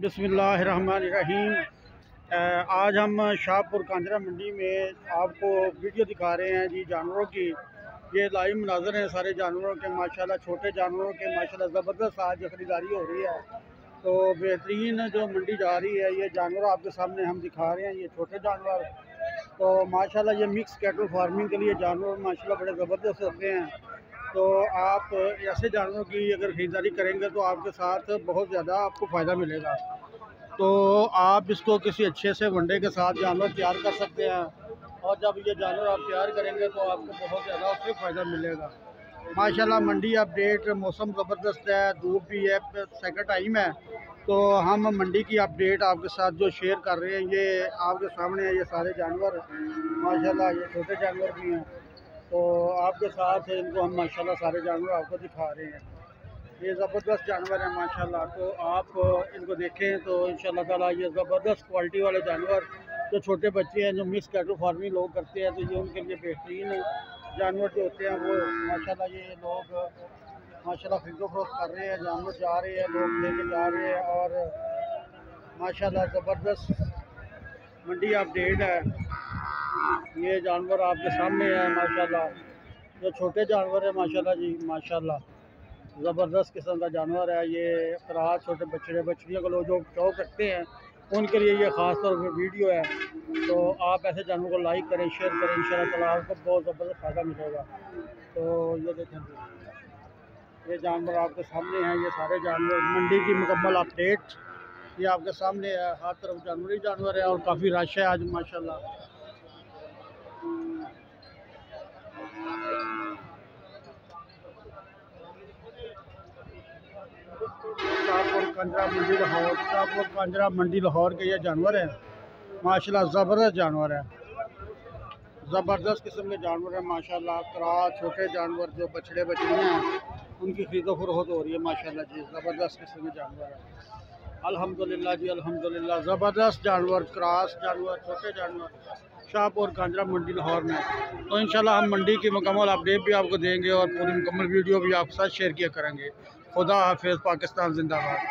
बसमीम आज हम शाहपुर कांजरा मंडी में आपको वीडियो दिखा रहे हैं जी जानवरों की ये लाइव मनाजर हैं सारे जानवरों के माशाल्लाह छोटे जानवरों के माशाल्लाह ज़बरदस्त आज ख़रीदारी हो रही है तो बेहतरीन जो मंडी जा रही है ये जानवर आपके सामने हम दिखा रहे हैं ये छोटे जानवर तो माशाल्लाह ये मिक्स कैटल फार्मिंग के लिए जानवर माशा बड़े ज़बरदस्त होते हैं तो आप ऐसे जानवरों की अगर खरीदारी करेंगे तो आपके साथ बहुत ज़्यादा आपको फ़ायदा मिलेगा तो आप इसको किसी अच्छे से वनडे के साथ जानवर तैयार कर सकते हैं और जब ये जानवर आप तैयार करेंगे तो आपको बहुत ज़्यादा उससे फ़ायदा मिलेगा माशाल्लाह मंडी अपडेट मौसम ज़बरदस्त है धूप भी है सेकंड टाइम है तो हम मंडी की अपडेट आपके साथ जो शेयर कर रहे हैं ये आपके सामने है ये सारे जानवर माशाल्लाह ये छोटे जानवर भी हैं तो आपके साथ इनको हम माशाल्लाह सारे जानवर आपको दिखा रहे हैं ये ज़बरदस्त जानवर है माशाल्लाह तो आप इनको देखें तो इन शाला ये ज़बरदस्त क्वालिटी वाले जानवर जो छोटे बच्चे हैं जो मिस कैटो फार्मिंग लोग करते हैं तो ये उनके लिए बेहतरीन जानवर जो होते हैं वो माशाला ये लोग माशा फिजो फरोख कर रहे हैं जानवर जा रहे हैं लोग लेके जा रहे हैं और माशाला ज़बरदस्त मंडी अपडेट है ये जानवर आपके सामने है माशाल्लाह जो छोटे जानवर है माशाल्लाह जी माशाल्लाह ज़बरदस्त किस्म का जानवर है ये अफराज छोटे बछड़े बछड़ियों को लोग जो शौक रखते हैं उनके लिए ये ख़ास तौर पर वीडियो है तो आप ऐसे जानवर को लाइक करें शेयर करें इन शाला आपको बहुत ज़बरदस्त फ़ायदा मिलेगा तो ये देखें ये जानवर आपके सामने हैं ये सारे जानवर मंडी की मुकम्मल अपडेट ये आपके सामने है हर तरफ जानवर ही जानवर है और काफ़ी रश है आज माशाल्लाह पंजरा मंडी लाहौर का वो पंजरा मंडी लाहौर के ये जानवर हैं माशाल्लाह ज़बरदस्त जानवर है ज़बरदस्त किस्म के जानवर हैं माशाल्लाह करा छोटे जानवर जो बछड़े बछड़े हैं उनकी खरीदो फरोहत हो रही है माशाल्लाह जी ज़बरदस्त किस्म के जानवर है अल्हम्दुलिल्लाह जी अल्हम्दुलिल्लाह ज़बरदस्त जानवर क्रास जानवर छोटे जानवर शाहप और कांजरा मंडी लाहौर में तो इन हम मंडी की मुकम्मल अपडेट भी आपको देंगे और पूरी मुकम्मल वीडियो भी आपके साथ शेयर किया करेंगे खुदा हाफिज़ पाकिस्तान जिंदाबाद